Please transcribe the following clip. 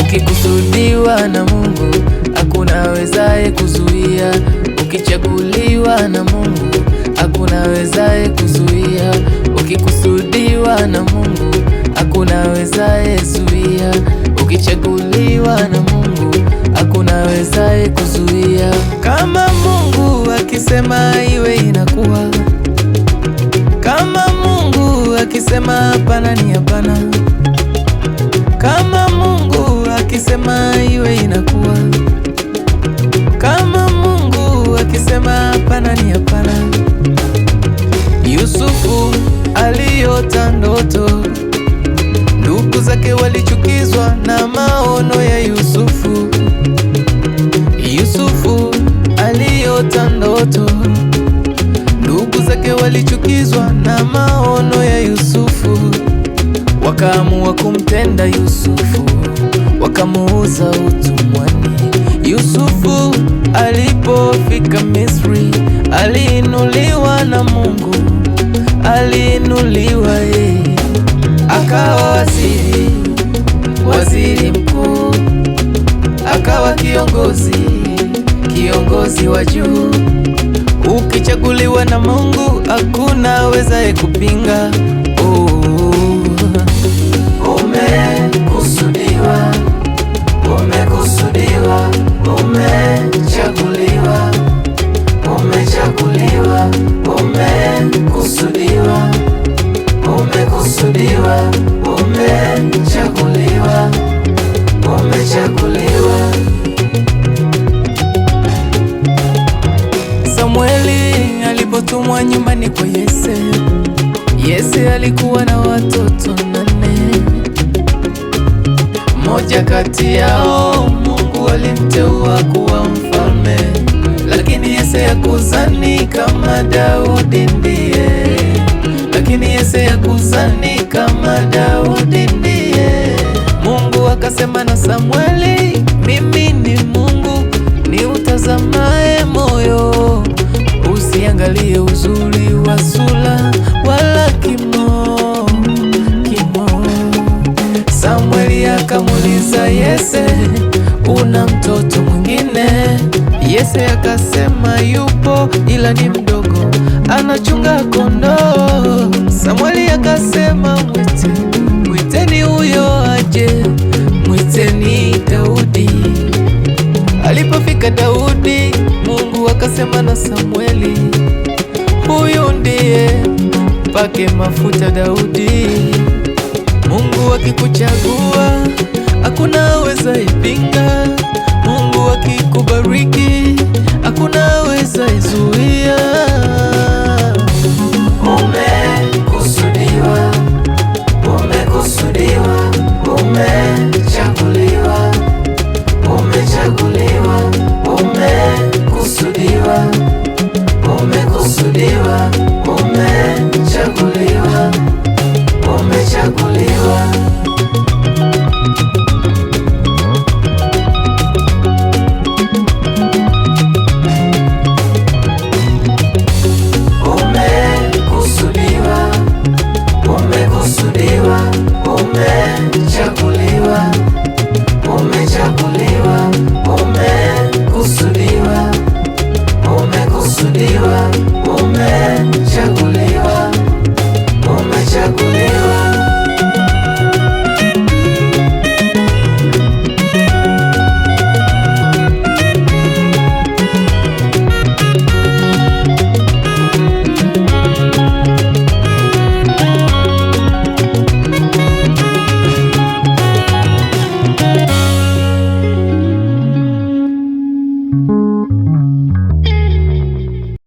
Ukikusudiwa na Mungu hakuna awezaye kuzuia. Ukichaguliwa na Mungu hakuna awezaye kuzuia. Ukikusudiwa na Mungu hakuna awezaye zuia. Ukichaguliwa na Mungu akunawezaye kuzuia. Kama Mungu akisema iwe inakuwa, kama Mungu akisema hapana ni hapana. wakaamua kumtenda Yusufu, wakamuuza utumwani. Yusufu alipofika Misri, aliinuliwa na Mungu, aliinuliwa yeye, akawa waziri, waziri mkuu, akawa kiongozi, kiongozi wa juu. Ukichaguliwa na Mungu, hakuna awezaye kupinga. ni kwa Yese. Yese alikuwa na watoto nane, moja kati yao Mungu alimteua kuwa mfalme, lakini Yese hakuzani kama Daudi ndiye, lakini Yese hakuzani kama Daudi ndiye. Mungu akasema na Samuel akamuuliza Yese, una mtoto mwingine? Yese akasema yupo, ila ni mdogo, anachunga kondoo. Samweli akasema mwite, mwiteni huyo aje, mwiteni Daudi. Alipofika Daudi, Mungu akasema na Samweli, huyu ndiye pake mafuta Daudi. Mungu akikuchagua hakuna weza ipinga. Mungu akikubariki